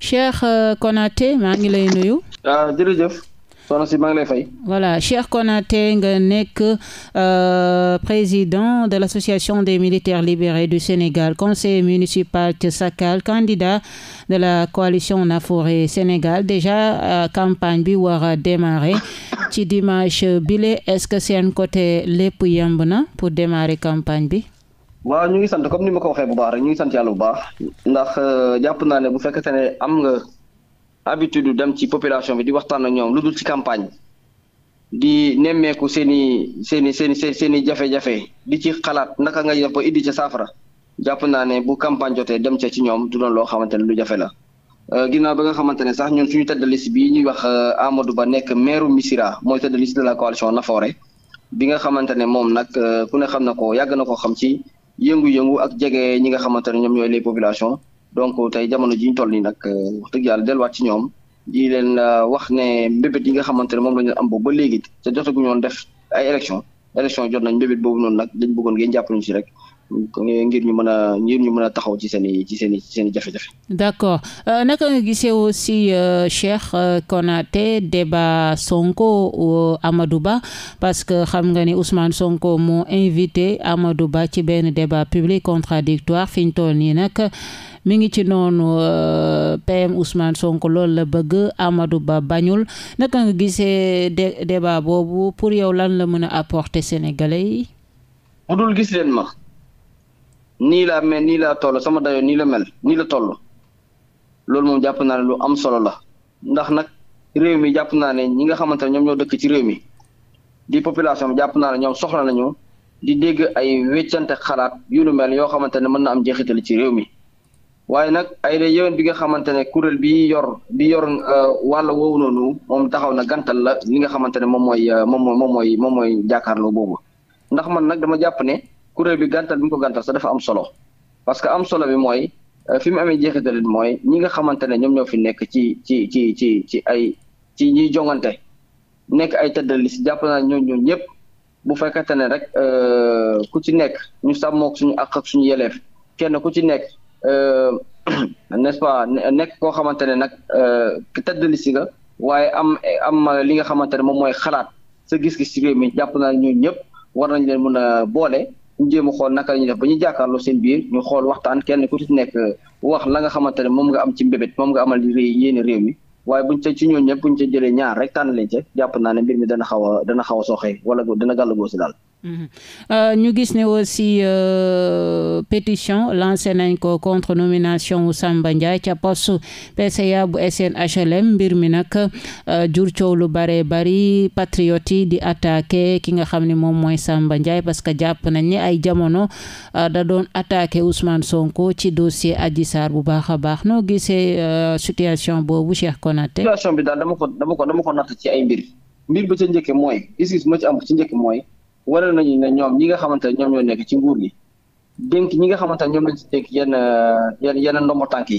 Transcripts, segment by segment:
Cheikh euh, Konaté maa ngi lay nuyu. Ah, voilà Cheikh Konaté nga nekk euh, président de l' association des militaires libérés du Sénégal conseiller municipal ca Sakal candidat de la coalition Nafoore Sénégal déjà euh, campagne bi war a démarrer ci dimanche bile est ce que seen côté lépp yemb na pour démarrer campagne bi. waaw ñu ngi sant comme ni ma ko waxee bu baax rek ñu ngi sant yàlla bu baax ndax euh, jàpp naa ne bu fekkente ne am nga habitude dem ci population bi di waxtaan ak ñoom lu ci campagne di nemmeeku seen i seen i seen seen i jafe-jafe ci xalaat naka nga def ba indi ca saafara jàpp naa ne bu campagne jotee dem ca ci ñoom du doon loo xamante ne lu jafe la. Euh, ginnaaw ba nga xamante ne sax ñun suñu tête de liste bii ñuy wax euh, Amadou Ba nekk maire Missirah mooy tête de de la coalition Nafoore bi nga xamante ne moom nag ku ne xam na ko yàgg na ko xam ci. yëngu-yëngu ak jege ñi nga xamante ne ñoom ñooy les populations donc tey jamono ji ñu toll nii nag euh, wax dëgg yàlla delluwaat ci ñoom di leen euh, wax ne mbébét yi nga xamante ne moom la am boobu ba léegi te jotaguñu woon def ay élection élection jot nañ mbébét boobu noonu nag dañ bëggoon ngeen jàppale ñu si rek ngir ñu mën a ngir ñu mën a taxaw ci seen i ci seen i ci seen jafe-jafe. d' accord euh, naka nga gisee aussi euh, Cheikh euh, Konaté débat Sonko Amadou Ba parce que xam nga ni Ousmane Sonko moo invité Amadou Ba ci benn débat public contradictoire fi ñu toll nii nag mi ngi ci noonu PM Ousmane Sonko loolu la bëgg Amadou Ba bañul naka nga gisee débat boobu pour yow lan la mën a apporter sénégalais yi. bu dul gis leen ma. nii laa mel nii laa toll sama dayoon nii la mel nii la toll loolu moom jàpp naa ne lu am solo la ndax nag réew mi jàpp naa ne ñi nga xamante ne ñoom ñoo dëkk ci réew mi di population jàpp naa ne ñoom soxla nañu di dégg ay weccante xalaat yu lu mel yoo xamante ne mën na am jeexital ci réew mi waaye nag ay de yoon bi nga xamante ne kuréel bi yor bi yor euh, wàll woowu noonu moom taxaw na gantal la li nga xamante ne moom mooy euh, moom mooy moom mooy moom mooy jàkkaarloo boobu ndax man nag dama jàpp ne. kuréel bi gàntal bi mu ko gàntal sax dafa am solo parce que am solo bi mooy euh, fi mu amee jeexe jeexitalit mooy ñi nga xamante ne ñoom ñoo fi nekk ci ci ci ci ci ay ci ñiy jongante nekk ay tëddali jàpp naa ñoo ñoo ñëpp bu fekkente ne rek euh, ku ci nekk ñu sàmmook suñu ak suñu yeleef kenn ku ci nekk euh, n'est-ce pas nekk koo xamante ne nag tëddali si nga waaye am am li nga xamante ne moom mooy xalaat sa gis-gis ci jàpp naa ñoo ñëpp war nañ leen mën a boole ñu jéem a xool naka la ñu def ba ñu jàkkaarloo seen biir ñu xool waxtaan kenn ku ci nekk wax la nga xamante ne moom nga am ci mbébét moom nga amal réew yéene réew mi waaye buñ ca ci ñooñu ñëpp buñ ca jëlee ñaar rek tànn leen ca jàpp naa ne mbir mi dana xaw dana xaw a sooxee wala dana gàllugoo si daal Mhm. Euh, ñu gis ne aussi euh, petition lancé nañ ko contre nomination wu Samba Ndiaye ca poste PCA bu SNHLM mbir mi nag euh, jur coow lu bare bari patriote yi di attaqué ki nga xam ne moom mooy Samba Ndiaye parce que jàpp nañ ni ay jamono da doon attaqué Ousmane Sonko ci dossier Adji Sarr bu baax a baax noo gisee situation boobu Cheikh Konaté. situation bi daal dama ko dama ko dama ko natt ci ay mbir mbir ba ca njëkk mooy gis-gis ma ci am ci njëkk mooy. wane nañu ne ñoom ñi nga xamante ne ñoom ñoo nekk ci nguur gi dénk ñi nga xamante ne ñoom lañ ci dénk yenn yenn yenn ndombo tànk yi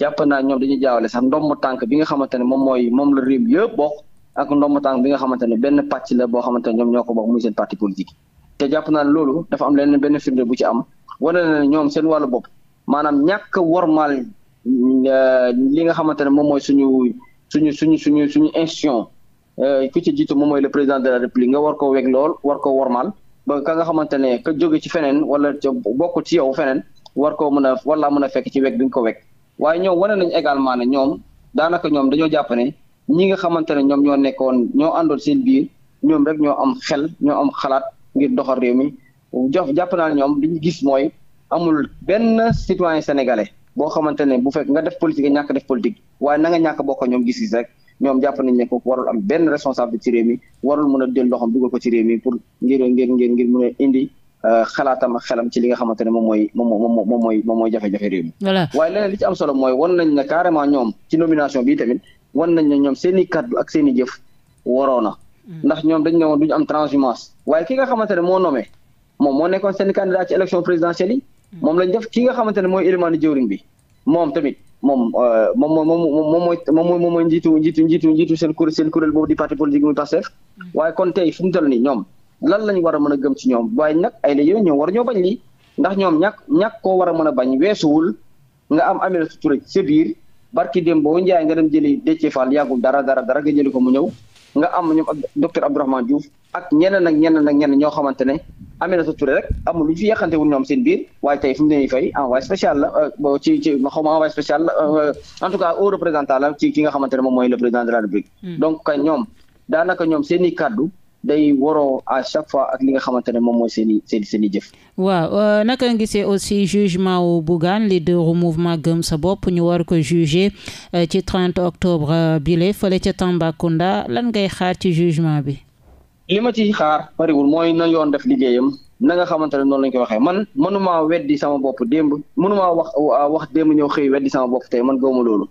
jàpp naa ñoom dañuy jaawale sax ndombo tànk bi nga xamante ne moom mooy moom la réew yëpp bokk ak ndombo tànk bi nga xamante ne benn pàcc la boo xamante ne ñoom ñoo ko bokk muy seen parti politique te jàpp naa ne loolu dafa am leneen benn firnde bu ci am wane na ne ñoom seen wàllu bopp maanaam ñàkk wormaal euh, li nga xamante ne moom mooy suñu suñu suñu suñu suñu institution Euh, ku ci jiitu moom mooy le président de la république nga war ko weg lool war ko wormaal ba ka nga xamante ne ka jóge ci feneen wala bokk ci yow feneen war koo mën a wala mën a fekk ci weg bi nga ko weg waaye ñoom wane nañ également ne ñoom daanaka ñoom dañoo jàpp ne ñi nga xamante ne ñoom ñoo nekkoon ñoo àndoon seen biir ñoom rek ñoo am xel ñoo am xalaat ngir doxal réew mi jof jàpp naa ñoom li ñu gis mooy amul benn citoyen sénégalais boo xamante ne bu fekk nga def politique ñàkk def politique waaye na nga ñàkk bokk ñoom gis rek ñoom jàpp nañ ne kooku warul am benn responsable ci réew mi warul mën a jël loxoom dugal ko ci réew mi pour ngir ngir ngir ngir a indi euh, xalaatam xelam ci li nga xamante ne moom mooy moom moom mooy moom mooy jafe-jafe solo mooy wan nañ ne carrément ñoom ci nomination bi tamit wan nañ ne ñoom seen i kaddu ak seen i jëf waroo na. Hmm. ndax ñoom dañ ne woon duñu am ki nga xamante ne moo nommé moom moo nekkoon seen candidat ci élection présidentielle yi. Hmm. moom lañ def ki nga xamante ne mooy élément ni jëwriñ bi moom tamit Euh, moom moom moom moom mooy moom mooy njiitu njiitu njiitu njiitu seen kuréel seen kuréel boobu di parti politique muy Pastef mm. waaye kon tey fi mu toll nii ñoom lan lañu war a mën a gëm ci ñoom waaye nag ay la yéen ñoom war ñoo bañ lii ndax ñoom ñàkk ñàkk koo war a mën a bañ weesuwul nga am Aminata Touré sa biir barki démb boo njaay nga dem jëli Déthié Fall yàggul dara dara dara nga jëli ko mu ñëw nga am ñoom ak docteur ak ñeneen ak ñeneen ñoo xamante ne Aminata Touré lu ñu fi yàqante wul ñoom seen biir waaye tey fi mu ne fay envoyé spécial la euh, ci euh, en tout cas au représentant ci ki nga xamante ne moom mooy le président de la République hmm. donc kay ñoom daanaka ñoom seen i kàddu day waroo à chaque fois ak li nga xamante ne moom mooy seen i seen seen i jëf. waaw euh, naka nga gisee aussi jugement wu Bougane leaderu mouvement gëm sa bopp ñu war ko juger euh, ci 30 octobre euh, bile fële ca Tambacounda lan ngay xaar ci jugement bi. li ma ci xaar bariwul mooy na yoon def liggéeyam. na nga xamante ne noonu lañ koy waxee man mënumaa weddi sama bopp démb mënumaa wax wax démb ñëw xëy weddi sama bopp tey man gawma loolu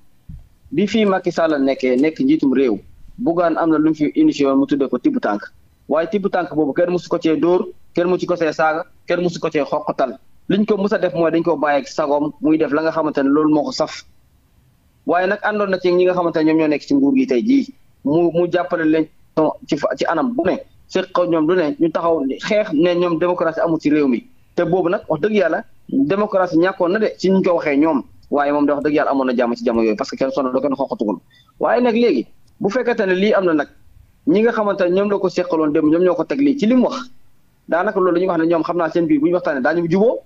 bi fii Macky Sall nekkee nekk njiitum réew Bougane am na lu mu fi initié mu tuddee ko tànk waaye tibb tànk boobu kenn musu ko cee dóor kenn musu ko cee saaga kenn musu ko cee xoqatal liñ ko mus a def mooy dañ ko bàyyi ak sagoom muy def la nga xamante ne loolu moo ko saf waaye nag àndoon na ci ñi nga xamante ne ñoom ñoo nekk ci nguur gi tey jii mu mu jàppale leen anam bu ne ñoom lu ne ñu taxaw xeex ne ñoom démocratie amul ci réew mi te boobu nag wax dëgg yàlla démocratie ñàkkoon na de ci ñu waxee ñoom waaye moom de wax dëgg yàlla amoon na jàmm ci jamono yooyu parce que kenn sonal kenn xoqatugul waaye nag léegi bu fekkente ne lii am na nag ñi nga xamante ne ñoom la ko seqaloon dem ñoom ñoo ko teg lii ci li mu wax daanaka loolu dañuy wax ne ñoom xam naa seen biir bu ñu waxtaanee daañu juboo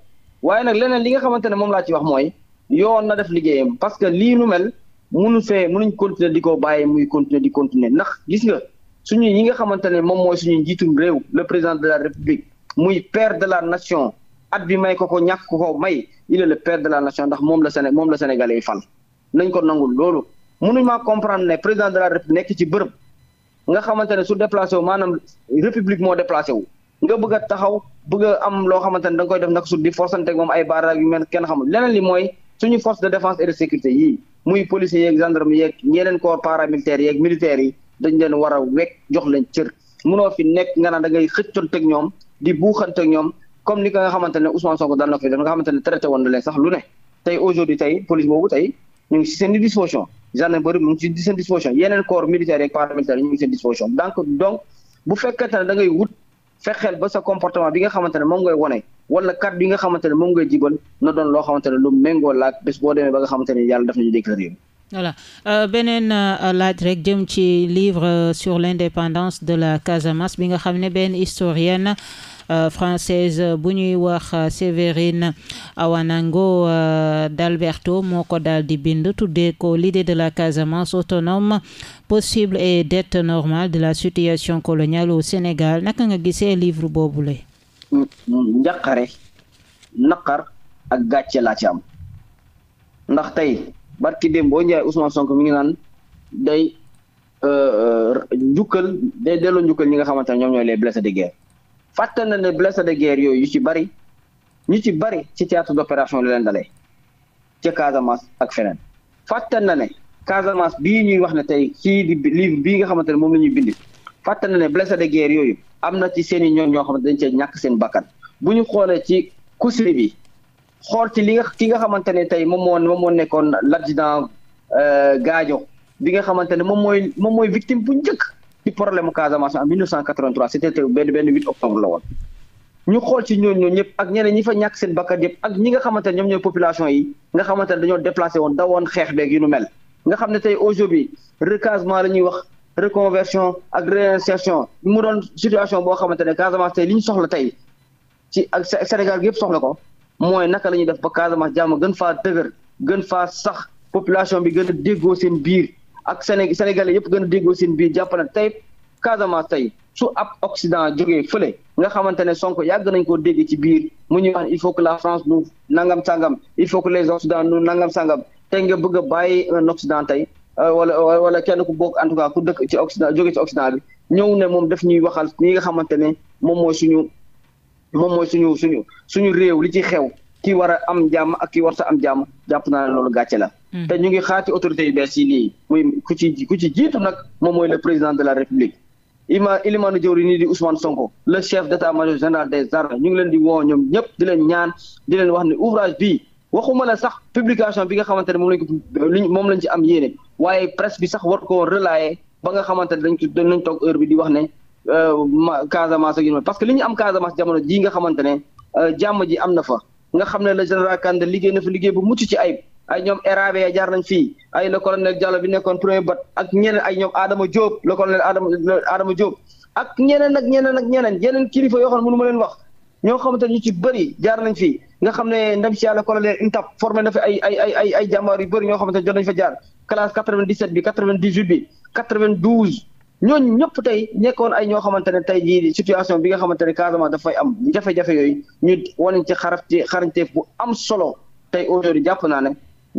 waaye nag leneen li nga xamante ne moom laa ci wax mooy yoon na def liggéeyam parce que lii nu mel munu fee munuñ continuer di ko bàyyi muy continuer di continuer ndax gis nga suñu yi nga xamante ne moom mooy suñu njiitum réew le président de la république muy père de la nation at bi may ko ko ñàkk ko may il est le père de la nation ndax moom la Séné moom la sénégalais yi fal nañ ko nangul loolu munuñ maa comprendre président de nekk ci bërëb nga xamante ne su déplacé wu maanaam république moo déplacé wu nga bëgg taxaw bëgg a am loo xamante ne da nga koy def nag su di forçante moom ay baara yu mel kenn xamul leneen li mooy suñu force de défense et de sécurité yii muy policiers yeeg gendarme yeeg ñeneen corps paramilitaires yeeg militaires yi dañ leen war a wekk jox leen cër munoo fi nekk nga naan da ngay xëccoonteeg ñoom di buuxanteeg ñoom comme ni ko nga xamante ne Ousmane Sonko dal na fi def nga xamante ne traité woon na leen sax lu ne tey aujourd'hui tey police boobu tey ñu ngi si seen i disposition gendarme bëri mu ngi si seen disposition yeneen corps militaire yeeg paramilitaire ñu ngi seen disposition donc donc bu fekkente ne da wut fexeel ba sa comportement bi nga xamante ne moom ngay wone wala kàddu yi nga xamante ne moom ngay jibal na doon loo xamante ne lu méngoo laaj bés boo demee ba nga xamante ne yàlla daf nañu déclaré voilà euh, beneen euh, laaj rek jëm ci livre euh, sur l'indépendance de la Casamance bi nga xam ne benn historienne française bu ñuy wax euh, Sévérine Awanango euh, d'Alberto moo ko daal di bind tuddee ko l'idée de la Casamance autonome possible et dette normale de la situation coloniale au Sénégal naka nga gisee livre boobule. njaqare naqar ak gàcce laa ci am ndax tey barki démb boo njaay Ousmane Sonko mi ngi naan day euh, njukkal day delloo njukkal ñi nga xamante ne ñoom ñooy les blessés de guerre fàtte na ne blessé de guerre yooyu yu ci bari ñu ci bari ci théâtre d'opération la leen dalee ca Casamance ak feneen fàtte na ne Casamance bii ñuy wax ne tey kii di livre bii nga xamante ne moom la ñuy bind fàtte na ne blessé de guerre yooyu am na ci seen i ñoom ñoo xamante dañ cee ñàkk seen bakkan bu ñu xoolee ci kusli bi xool ci li nga ki nga xamante ne tey moom moo moom moo nekkoon l'adjudant euh, Gaajo bi nga xamante ne moom mooy moom mooy victime bu njëkk ci problème mu Casamance en 1983 c'était benn benn 8 octobre la woon ñu xool ci ñooñu ñëpp ak ñeneen ñi fa ñàkk seen bakkan yëpp ak ñi nga xamante ne ñoom ñooy population yi nga xamante ne dañoo déplacé woon dawoon xeex beeg yu nu mel nga xam ne tey aujourd'hui recasement la ñuy wax reconversion ak réinsertion mu doon situation boo xamante ne Casamance tey li ñu soxla tey ci ak Sénégal gi yëpp soxla ko mooy naka la ñuy def ba Casamance gën faa dëgër gën faa sax population bi gën a seen biir ak Séné Sénégalais yëpp gën a déggoo seen biir jàpp na tey Casamance tey su ab Occident jógee fële nga xamante ne Sonko yàgg nañ koo dégg ci biir mu ñu wax il faut que la France nu nangam sàngam il faut que les Occidents nous nangam sàngam te nga bëgg bàyyi un Occident tey euh, wala wala kenn ku bokk en tout cas ku dëkk ci Occident jógee ci Occident bi ñëw ne moom daf ñuy waxal ñi nga xamante ne moom mooy suñu moom mooy suñu suñu suñu réew li ci xew ki war a am jàmm ak ki warta am jàmm jàpp naa ne loolu gàcce la. Hmm. te ñu ngi xaati autorités yu bees yi nii muy ku ci ku ci jiitu nag moom mooy le président de la république. Ima Ilimanu Diori di Ousmane Sonko le chef d'état-major général des armées ñu ngi leen di woo ñoom ñëpp di leen ñaan di leen wax ne ouvrage bii waxuma la sax publication bi nga xamante ne moom lañ ko moom lañ ci am yéene waaye presse bi sax war koo relayer ba nga xamante ne dañ ko dañ toog heure bi di wax ne euh, Casamance ak yu parce que li ñu am Casamance jamono jii nga xamante ne euh, jàmm ji am na fa. nga xam ne la général Kandé liggéey na fa liggéey bu mucc ci ayib ay ñoom RAB jaar nañ fii ay le colonel Diallo bi nekkoon premier bat ak ñeneen ay ñoom Adama Diop le colonel Adama Adama Diop ak ñeneen ak ñeneen ak ñeneen yeneen kilifa yoo xam ne mënu ma leen wax ñoo xamante ñu ci bëri jaar nañ fi nga xam ne ndem si yàlla colonel Intap formé na fi ay ay yu bëri ñoo xamante ne jot nañ fa jaar classe 97 bi 98 bi 92 ñooñu ñëpp tey nekkoon ay ñoo xamante ne tey jii situation bi nga xamante ne Casamance dafay am jafe-jafe yooyu ñu wane ci xarafte xarañteef bu am solo tey aujourd'hui jàpp naa ne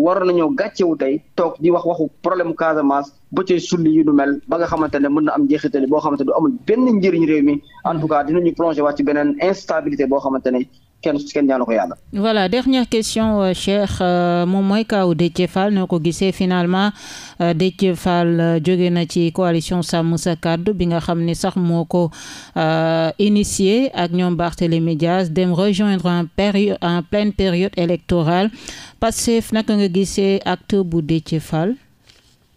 waroon nañoo wu tey toog di wax waxu problème Casamance ba cay sulli yu nu mel ba nga xamante ne mën na am njeexitali boo xamante du amul benn njëriñ réew mi en tout cas dinañu plongé waat ci beneen instabilité boo xamante ne kenn kenn ñaanu ko yàlla. dernière question euh, Cheikh euh, moom mooy kaw Déthié Fall noo ko gisee finalement euh, Déthié Fall jóge na ci coalition Sàmm Sa Kàddu bi nga xam ni sax moo ko initié ak ñoom Barthélémy Dias dem rejoindre en période en pleine période électorale Pastef naka nga gisee acte bu Déthié Fall.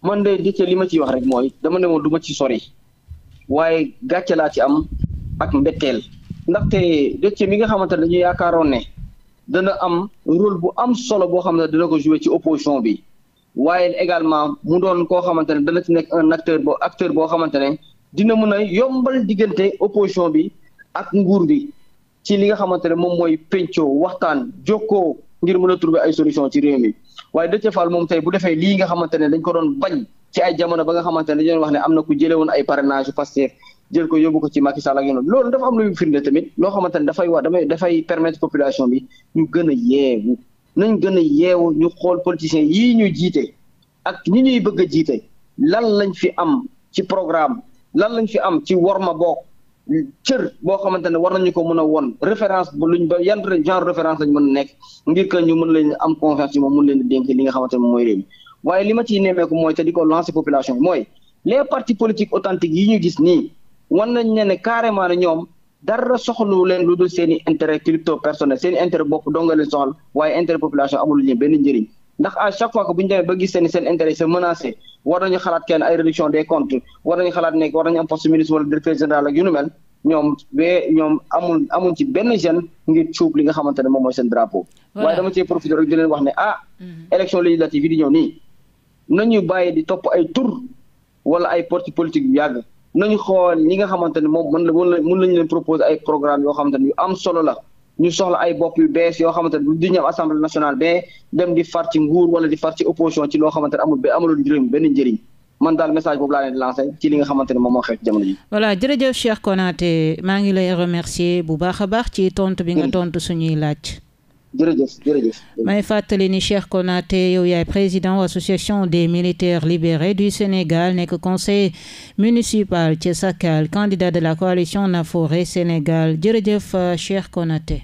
man de Déthié ma ciy wax rek mooy dama ne woon du ci sori waaye gàcce laa ci am ak mbetteel. ndaxte Déthié mi nga xamante ne dañu yaakaaroon ne dana am rôle bu am solo boo xam ne dina ko jouer ci opposition bi waaye également mu doon koo xamante ne dana ci nekk un acteur bo acteur boo xamante ne dina mën a yombal diggante opposition bi ak nguur bi ci li nga xamante ne moom mooy pencoo waxtaan jokkoo ngir mën a trouver ay solution ci réew mi waaye Déthié Fall moom tey bu defee lii nga xamante ne dañ ko doon bañ ci ay jamono ba nga xamante ne dañu doon wax ne am na ku jëlee woon ay parrainage Pastef jël ko yóbbu ko ci Macky Sall ak yoon loolu dafa am lu muy firnde tamit loo xamante dafay wax dafay permettre population bi ñu gën a yeewu nañ gën a yeewu ñu xool politiciens yii ñu jiite ak ñi ñuy bëgg jiite lan lañ fi am ci programme lan lañ fi am ci worma boo cër boo xamante ne war nañu ko mën a won référence bu luñ ba yan genre référence lañ mën nekk ngir ñu mën leen am confiance moom mën leen di li nga xamante ne mooy réew mi waaye li ma ciy nemmeeku mooy te di ko population mooy les partis politiques authentiques yi ñu gis nii wan nañ ne ne carrément ne ñoom dara soxlu leen lu dul seen i intérêt personnel seen i intérêt bopp dong nga leen soxal waaye intérêt population amul ñu benn njëriñ ndax à chaque fois que bu ñu demee ba gis seen seen intérêt c'est menacé war nañu xalaat kenn ay réduction des comptes war nañu xalaat ne war nañu am ministre wala directeur général ak yu ñoom benn jeune ngir cuub li nga xamante ne moom mooy seen drapeau. waaye dama cee profité rek di leen wax ne ah. Mhm. nañu xool li nga xamante ne moom mën la mën lañu leen proposer ay programme yoo xamante ne yu am solo la ñu soxla ay bopp yu bees yoo xamante ne du ñu am assemblée nationale ba dem di far ci nguur wala di far ci opposition ci loo xamante ne amul ba amulul njëriñ benn njëriñ man daal message boobu laa leen lancé ci li nga xamante ne moom moo xew ci jamono ji. voilà jërëjëf Cheikh Konaté maa ngi lay remercier bu baax a baax ci tontu bi nga mm. tontu suñuy laaj. jërëjëf jërëjëf. may fàttali ni Cheikh Konaté yow yaay président association des militaires libérés du Sénégal nekk conseil municipal ci Sakal candidat de la coalition Nafoore Sénégal jërëjëf euh, Cheikh Konaté.